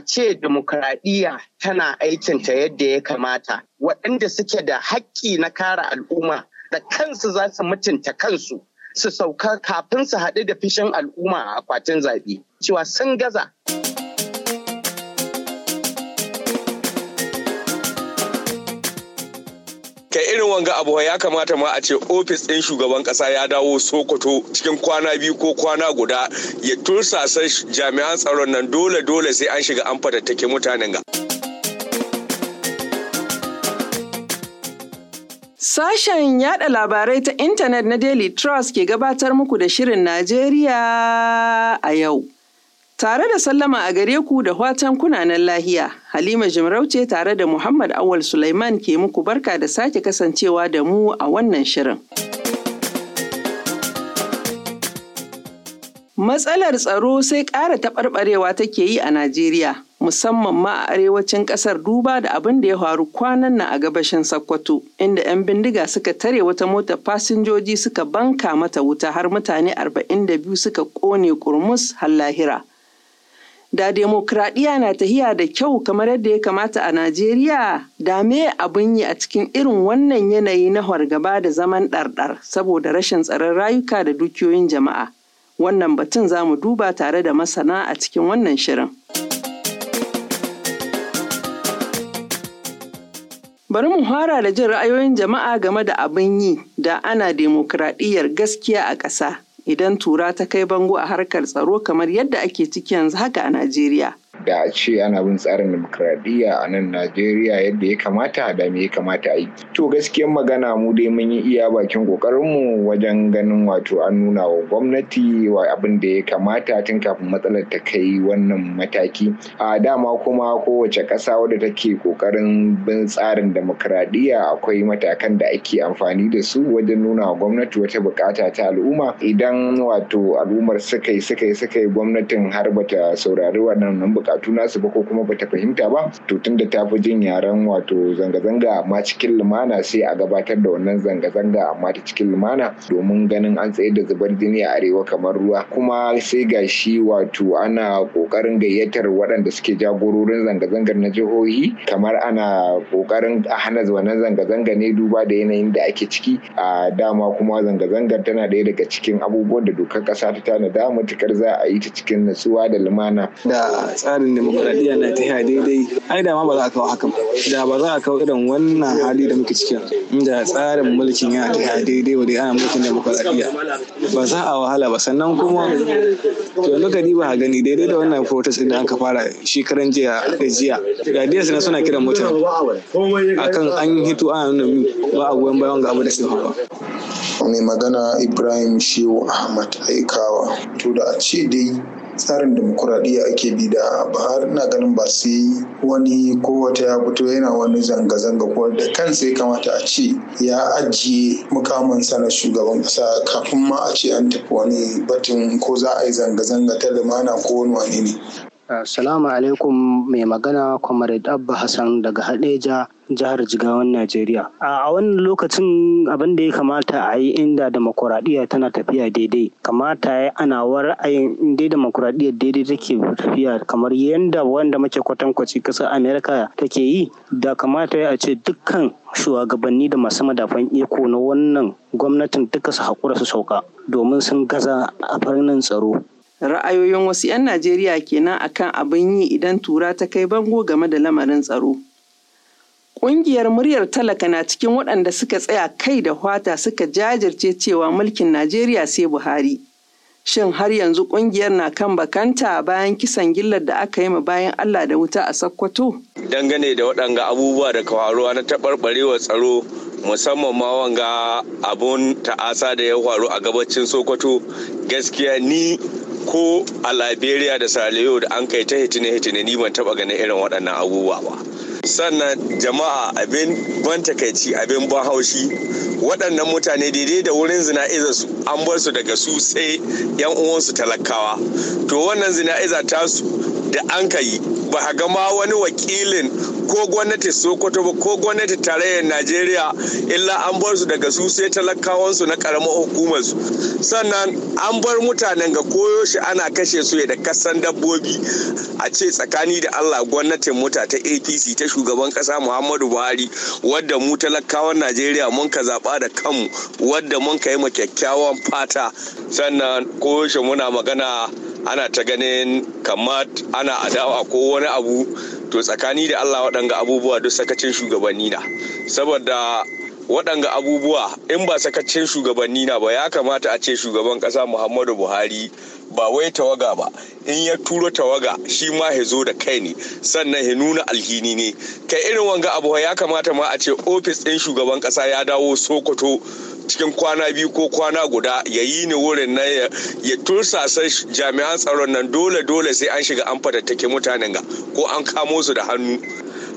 a ce demokradiyya tana aikinta yadda ya kamata waɗanda suke da haƙƙi na kare al'umma da kansu za su mutunta kansu su sauka kafin su haɗu da fishin al'umma a akwatin zaɓe cewa sun gaza. ga abu ya kamata ma a ce ofis ɗin shugaban ƙasa ya dawo sokoto cikin kwana biyu ko kwana guda ya tursasa jami'an tsaron nan dole dole sai an shiga an fatattake mutanen ga. Sashen yada labarai ta intanet na Daily Trust ke gabatar muku da Shirin Najeriya a yau. Tare da sallama a gare ku da watan kunanan lahiya, Halima Jimarauce tare da Muhammad Awal Sulaiman ke muku barka da sake kasancewa da mu a wannan shirin. Matsalar tsaro sai ƙara taɓarɓarewa take yi a Najeriya, musamman ma a arewacin ƙasar duba da abin da ya faru kwanan nan a gabashin Sokoto, inda 'yan bindiga suka tare wata mota fasinjoji suka banka mata wuta har mutane 42 suka ƙone kurmus har lahira. da demokradiyya na tahiya da kyau kamar yadda ya kamata a Najeriya da me abin yi a cikin irin wannan yanayi na hargaba da zaman ɗarɗar saboda rashin tsaron rayuka da dukiyoyin jama'a. Wannan batun za mu duba tare da masana a cikin wannan shirin. Bari mu fara da jin ra'ayoyin jama'a game da abin yi da ana demokradiyyar gaskiya a ƙasa. idan tura ta kai bango a harkar tsaro kamar yadda ake ciki yanzu haka a Najeriya. da a ce ana bin tsarin demokradiyya a nan najeriya yadda ya kamata da me ya kamata a yi to gaskiyan magana mu dai mun yi iya bakin kokarinmu wajen ganin wato an nuna wa gwamnati wa abin da ya kamata tun kafin matsalar ta kai wannan mataki a dama kuma kowace ƙasa wadda take kokarin bin tsarin demokradiyya akwai matakan da ake amfani da su wajen nuna wa gwamnati wata bukata ta al'umma idan wato al'ummar suka yi suka yi gwamnatin har bata saurari wannan bukatu nasu ba ko kuma bata fahimta ba to tunda ta fi jin yaren wato zanga-zanga amma cikin lumana sai a gabatar da wannan zanga-zanga amma ta cikin lumana domin ganin an tsaye da zubar jini a arewa kamar ruwa kuma sai ga shi wato ana kokarin gayyatar waɗanda suke jagororin zanga-zangar na jihohi kamar ana kokarin a hana wannan zanga-zanga ne duba da yanayin da ake ciki a dama kuma zanga-zangar tana ɗaya daga cikin abubuwan da dokar ƙasa ta tanada matukar za a yi ta cikin natsuwa da lumana da tsarin demokradiyya na ta daidai ai da ma ba za a kawo hakan da ba za a kawo irin wannan hali da muke ciki inda tsarin mulkin ya ta daidai wa ana mulkin demokradiyya ba za a wahala ba sannan kuma to yanzu ka a gani daidai da wannan protest da aka fara shekaran jiya da jiya ga DS na suna kiran mutane akan an hito ana nuna ba a goyon bayan ga abu da suka ba mai magana Ibrahim Shehu Ahmad Aikawa to da a ce dai tsarin demokuraɗiyya ake bi da bahar na ganin ba sai wani ko wata ya fito yana wani zanga-zanga ko da kan sai kamata a ce ya ajiye mukamansa na shugaban ƙasa kafin ma a ce an tafi wani batun ko za a yi zanga-zanga ta lumana ko wani wani ne. Assalamu alaikum mai magana Comrade Abba Hassan daga Hadeja jihar Jigawan Najeriya. A wannan lokacin abin da ya kamata a yi inda demokuraɗiyya tana tafiya daidai, kamata ya ana ra'ayin inda demokuraɗiyya daidai take tafiya kamar yadda wanda muke kwatankwaci ƙasar Amerika take yi, da kamata ya ce dukkan shugabanni da masu madafan iko na wannan gwamnatin duka su haƙura su sauka domin sun gaza a farnin tsaro. Ra'ayoyin wasu 'yan Najeriya kenan akan abin yi idan tura ta kai bango game da lamarin tsaro. Ƙungiyar muryar talaka na cikin waɗanda suka tsaya kai da hwata suka jajirce cewa mulkin Najeriya sai Buhari. Shin har yanzu ƙungiyar na kan bakanta bayan kisan gillar da aka yi ma bayan Allah da wuta a Sokoto? Dangane da waɗanga abubuwa da kawarwa na taɓarɓarewa tsaro musamman ma wanga abun ta'asa da ya faru a gabacin Sokoto gaskiya ni ko a Liberia da Saliyo da an kai ta hitine-hitine ni ban taɓa ganin irin waɗannan abubuwa ba. sannan jama'a abin ban takaici abin ban haushi waɗannan mutane daidai da wurin zina'iza su an bar su daga su sai yan uwansu talakawa to wannan zina'iza tasu da an ka yi ba ga ma wani wakilin ko gwamnati sokoto ba ko gwamnati tarayyar najeriya illa an bar su daga su sai talakawansu na karamar hukumar su sannan an bar mutanen ga koyo shi ana kashe su da kasan dabbobi a ce tsakani da allah gwamnatin muta ta apc ta shugaban kasa muhammadu buhari wadda mu talakawan najeriya mun ka zaɓa da kanmu wadda mun ka yi ma kyakkyawan fata sannan koyo shi muna magana ana ta ganin kamar ana adawa ko wani abu to tsakani da allah waɗanga abubuwa duk sakacin shugabanni na saboda waɗanga abubuwa in ba sakacin shugabanni na ba ya kamata a ce shugaban ƙasa muhammadu buhari ba wai tawaga ba in ya turo tawaga shi ma ya zo da kai ne sannan ya nuna alhini ne kai irin wanga abu ya kamata ma a ce ofis ɗin shugaban ƙasa ya dawo sokoto cikin kwana biyu ko kwana guda ya yi ni wurin na ya tursasa jami'an tsaron nan dole dole sai an shiga an fatattake mutanen ga ko an kamo su da hannu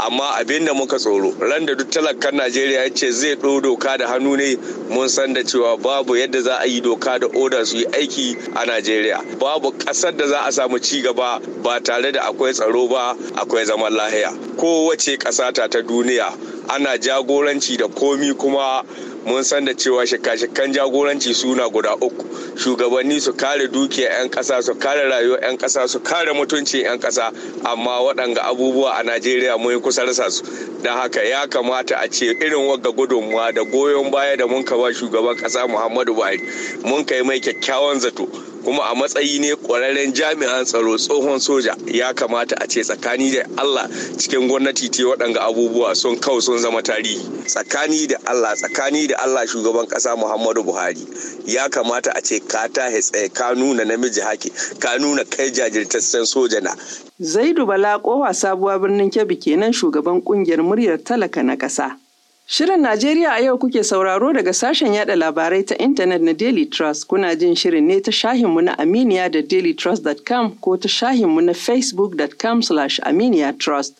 amma abin da muka tsoro ran da duk talakan najeriya ya ce zai ɗo doka da hannu ne mun san da cewa babu yadda za a yi doka da oda su yi aiki a najeriya babu ƙasar da za a samu ci gaba ba tare da akwai tsaro ba akwai zaman lahiya kowace ƙasata ta duniya ana jagoranci da komi kuma mun san da cewa shika-shikan jagoranci suna guda uku shugabanni su kare dukiyar 'yan kasa su kare rayuwa 'yan kasa su kare mutuncin 'yan kasa amma waɗanga abubuwa a najeriya mun kusa rasa su don haka ya kamata a ce irin wagga gudunmuwa da goyon baya da mun ba shugaban kasa muhammadu buhari mun kai mai kyakkyawan zato kuma a matsayi ne ƙwararren jami'an tsaro tsohon soja ya kamata a ce tsakani da allah cikin gwamnati te waɗanga abubuwa sun kawo sun zama tarihi tsakani da allah tsakani da allah shugaban ƙasa muhammadu buhari ya kamata a ce ka ta tsaye ka nuna namiji haki ka nuna kai jajirtaccen soja na zaidu bala kowa sabuwa birnin kebbi kenan shugaban ƙungiyar muryar talaka na ƙasa Shirin Najeriya a yau kuke sauraro daga sashen yada labarai ta intanet na Daily Trust. Kuna jin shirin ne ta shahinmu na Aminiya da dailytrust.com ko ta shahinmu na facebook.com slash aminiya trust.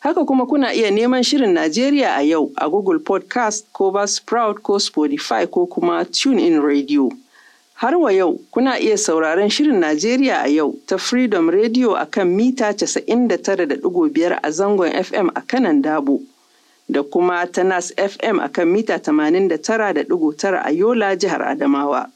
Haka kuma kuna iya neman shirin Najeriya a yau a Google Podcast ko Buzzsprout ko Spotify ko kuma TuneIn Radio. Har wa yau kuna iya sauraron shirin Najeriya a yau ta Freedom Radio a kan mita 99.5 a zangon FM a kanan Dabo. da kuma ta Nas FM a kan mita 89.9 a Yola jihar Adamawa.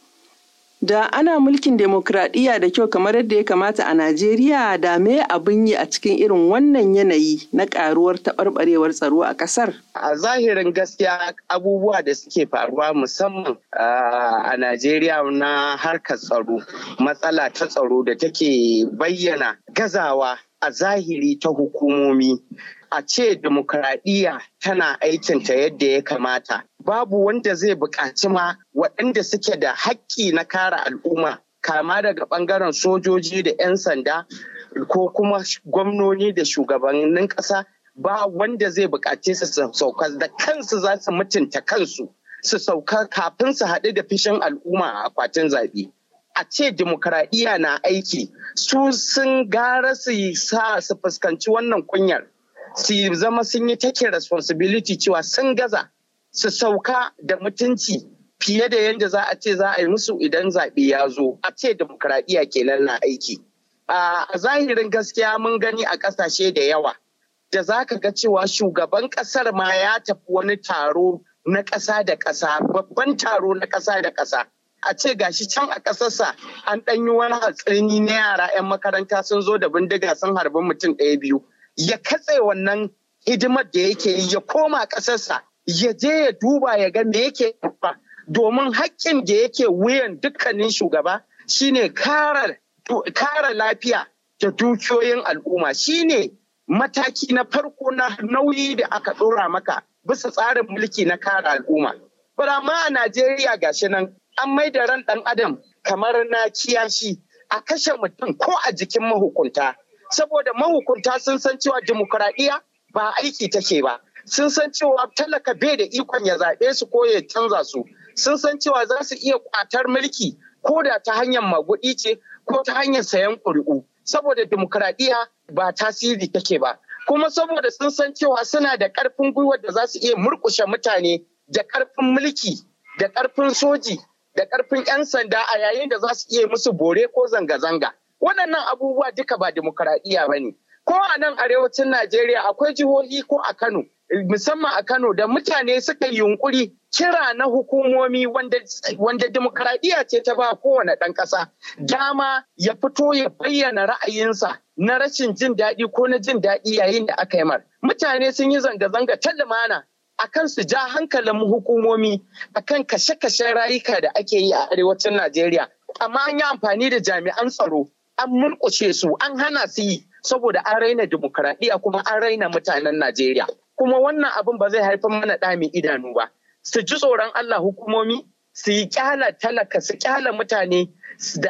Da ana mulkin demokradiyya da kyau kamar yadda ya kamata a Najeriya da me abin yi a cikin irin wannan yanayi na karuwar taɓarɓarewar tsaro a ƙasar. A zahirin gaskiya abubuwa da suke faruwa musamman a Najeriya na harkar tsaro, matsala ta tsaro da take bayyana gazawa a zahiri ta hukumomi a ce demokradiyya tana aikinta yadda ya kamata babu wanda zai buƙaci ma waɗanda suke da haƙƙi na kare al'umma kama daga ɓangaren sojoji da 'yan sanda ko kuma gwamnoni da shugabannin ƙasa ba wanda zai buƙaci su sauka da kansu za su mutunta kansu su sauka kafin su haɗu da fishin al'umma a akwatin zaɓe. a ce demokradiyya na aiki su sun gara su sa su fuskanci wannan kunyar su zama sun yi take responsibility cewa sun gaza su sauka da mutunci fiye da yadda za a ce za a yi musu idan zaɓe ya zo a ce ke kenan na aiki a zahirin gaskiya mun gani a ƙasashe da yawa da za ka ga cewa shugaban ƙasar ma ya tafi wani taro na ƙasa da ƙasa babban taro na ƙasa da ƙasa a ce gashi can a ƙasarsa an ɗanyi wani hatsini na yara 'yan makaranta sun zo da bindiga sun harbi mutum ɗaya biyu ya katse wannan hidimar da yake yi ya koma ƙasarsa ya je ya duba ya ga me yake ba domin haƙƙin da yake wuyan dukkanin shugaba shine kare lafiya da dukiyoyin al'umma shine mataki na farko na nauyi da aka ɗora maka bisa tsarin mulki na kare al'umma. Burama a Najeriya gashi nan an maida ran ɗan adam kamar na kiyashi a kashe mutum ko a jikin mahukunta saboda mahukunta sun san cewa dimokuraɗiyya ba aiki take ba sun san cewa talaka bai da ikon ya zaɓe su ko ya canza su sun san cewa za su iya kwatar mulki ko da ta hanyar magudi ce ko ta hanyar sayan ƙuri'u saboda dimokuraɗiyya ba tasiri take ba kuma saboda sun san cewa suna da ƙarfin gwiwar da za su iya murƙushe mutane da ƙarfin mulki da ƙarfin soji da ƙarfin 'yan sanda a yayin da za su iya musu bore ko zanga-zanga waɗannan abubuwa duka ba demokaradiyya ba ne ko a nan arewacin najeriya akwai jihohi ko a kano musamman a kano da mutane suka yi yunkuri kira na hukumomi wanda, wanda ce ta ba kowane ɗan ƙasa dama ya fito ya bayyana ra'ayinsa na rashin jin daɗi ko na jin daɗi yayin da aka yi mar mutane sun yi zanga-zanga ta lumana akan su ja hankalin hukumomi akan kashe-kashen rayuka da ake yi a arewacin najeriya amma an yi amfani da jami'an tsaro an mulkuce su an hana su yi saboda an raina dimokuraɗiyya kuma an raina mutanen Najeriya. Kuma wannan abin ba zai haifar mana ɗami idanu ba. Su ji tsoron Allah hukumomi su yi kyala talaka su kyala mutane su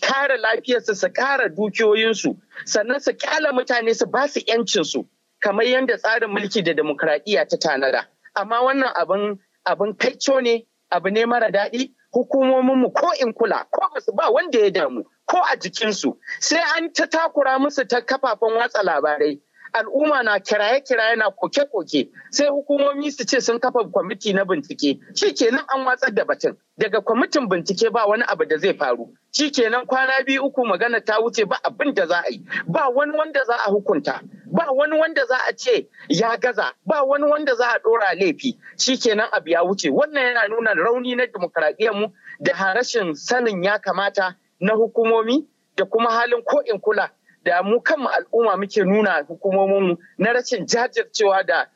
kare lafiyarsu su kare dukiyoyinsu sannan su kyala mutane su ba su yancinsu kamar yadda tsarin mulki da dimokraɗiya ta tanada amma wannan abin abin kaico ne abu ne mara daɗi Hukumomin mu ko in kula ko su ba wanda ya damu ko a jikinsu sai an ta takura musu ta kafafen watsa labarai al'umma na kiraye-kiraye na koke-koke sai hukumomi su ce sun kafa kwamiti na bincike shi kenan an watsar da batun daga kwamitin bincike ba wani abu da zai faru shi kenan kwana biyu uku magana ta wuce ba abin da za a yi ba wani wanda za a hukunta ba wani wanda za a ce ya gaza ba wani wanda za a dora laifi kenan abu ya wuce wannan yana nuna rauni na demokaradiyyar mu da rashin sanin ya kamata na hukumomi da kuma halin ko in kula da mu kanmu al'umma muke nuna hukumomin mu, na rashin jajircewa da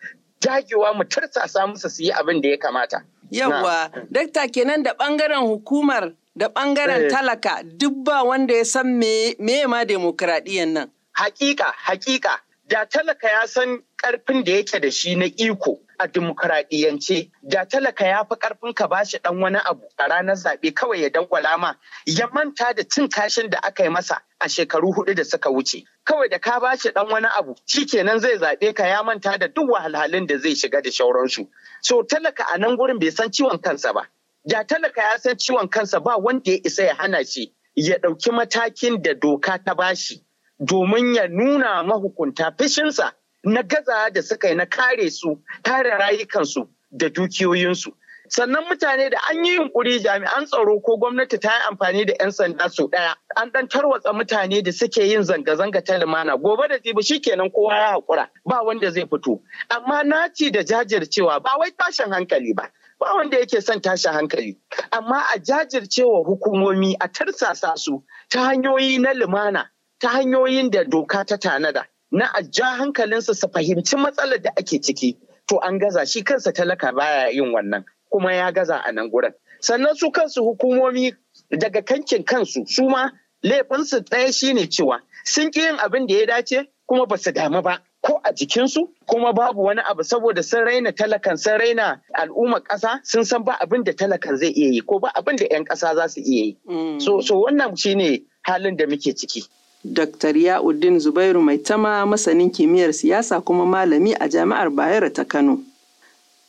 jagewa mu tarsasa musu su yi abin da ya kamata. Yawwa, dakta kenan da bangaren hukumar da bangaren eh. talaka duk ba wanda ya san me ma demokradiyyar nan. Hakika, hakika. da talaka ya san karfin da yake da shi na iko a dimokuraɗiyance da talaka ya fi karfin ka ba shi dan wani abu a ranar zaɓe kawai ya dangwala ma ya manta da cin kashin da aka yi masa a shekaru hudu da suka wuce kawai da ka ba shi dan wani abu shikenan zai zaɓe ka ya manta da duk wahalhalun da zai shiga da shauransu so talaka a nan gurin bai san ciwon kansa ba da talaka ya san ciwon kansa ba wanda ya isa ya hana shi ya ɗauki matakin da doka ta bashi domin ya nuna mahukunta fishinsa na gaza da suka yi na kare su tare rayukansu da dukiyoyinsu sannan mutane da an yi yunkuri jami'an tsaro ko gwamnati ta yi amfani da 'yan sanda su ɗaya an ɗan tarwatsa mutane da suke yin zanga-zanga ta lumana gobe da jibi kenan kowa ya haƙura ba wanda zai fito amma naci da jajircewa ba wai tashin hankali ba ba wanda yake son tashin hankali amma a jajircewa hukumomi a tarsasa su ta hanyoyi na lumana ta hanyoyin da doka ta tanada na a ja hankalinsa su fahimci matsalar da ake ciki to an gaza shi kansa talaka baya yin wannan kuma ya gaza a nan gurin sannan su kansu hukumomi daga kankin kansu su ma laifinsu ɗaya shine cewa sun ƙi yin abin da ya dace kuma ba su damu ba ko a jikinsu kuma babu wani abu saboda sun raina talakan sun raina al'ummar ƙasa sun san ba abin da talakan zai iya yi ko ba abin da 'yan ƙasa za su iya yi. Mm. So wannan shine halin da muke ciki. Dr. Ya'uddin Zubairu Maitama masanin kimiyyar siyasa kuma malami a Jami'ar Bayero ta Kano.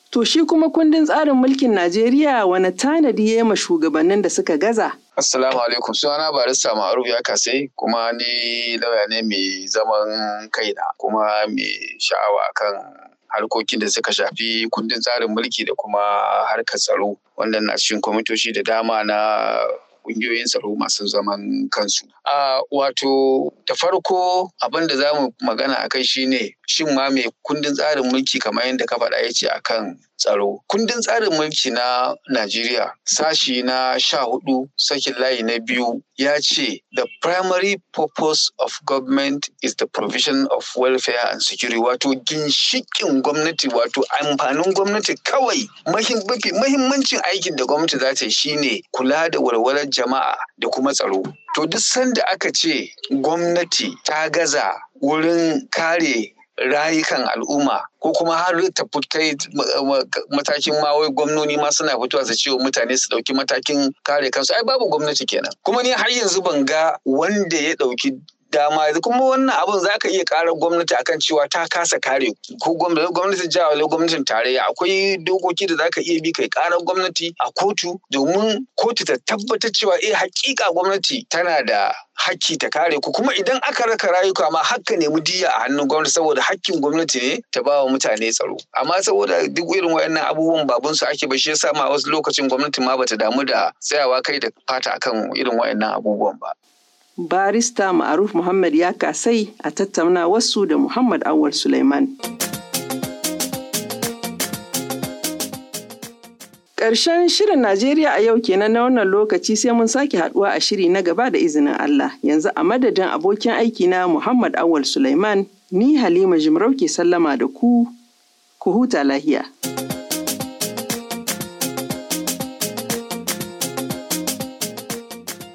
To shi kuma kundin tsarin mulkin Najeriya wani tanadi ya ma shugabannin da suka gaza? Assalamu alaikum sunana barista Ma'aruf ya kase? kuma ni lauya ne mai zaman kai kaina kuma mai sha'awa kan harkokin da suka shafi kundin tsarin mulki da kuma harkar tsaro wannan na cikin kwamitoci da dama na kungiyoyin tsaro masu zaman kansu. A wato da farko abin da za mu magana a kai shine shin ma mai kundin tsarin mulki kamar yadda ka faɗa ya ce akan tsaro. Kundin tsarin mulki na Najeriya sashi na sha hudu sakin layi na biyu ya ce the primary purpose of government is the provision of welfare and security wato ginshikin gwamnati wato amfanin gwamnati kawai mahimmancin aikin da gwamnati za ta yi shine kula da walwalar jama'a da kuma tsaro. To duk sanda aka ce gwamnati ta gaza wurin kare rayukan al'umma ko kuma har ta kai matakin ma wai gwamnoni ma suna fitowa su ce mutane su ɗauki matakin kare kansu ai babu gwamnati kenan kuma ni har yanzu ban ga wanda ya ɗauki. dama yanzu kuma wannan abun za ka iya ƙara gwamnati akan cewa ta kasa kare ko gwamnatin jiha ko gwamnatin tarayya akwai dokoki da za ka iya bi kai ƙarar gwamnati a kotu domin kotu ta tabbatar cewa eh hakika gwamnati tana da hakki ta kare ku kuma idan aka raka rayuka ma hakka mu diya a hannun gwamnati saboda hakkin gwamnati ne ta ba wa mutane tsaro amma saboda duk irin wayannan abubuwan babun su ake ba shi yasa ma wasu lokacin gwamnati ma bata damu da tsayawa kai da fata akan irin wayannan abubuwan ba Barista Ma'aruf Muhammad ya kasai a tattauna wasu da Muhammad Awal Suleiman. Ƙarshen shirin Najeriya a yau kenan na wannan lokaci sai mun sake haɗuwa a shiri na gaba da izinin Allah. Yanzu a madadin abokin aiki na Muhammad Awal Sulaiman ni Halima Jimarauke sallama da ku, ku huta lahiya.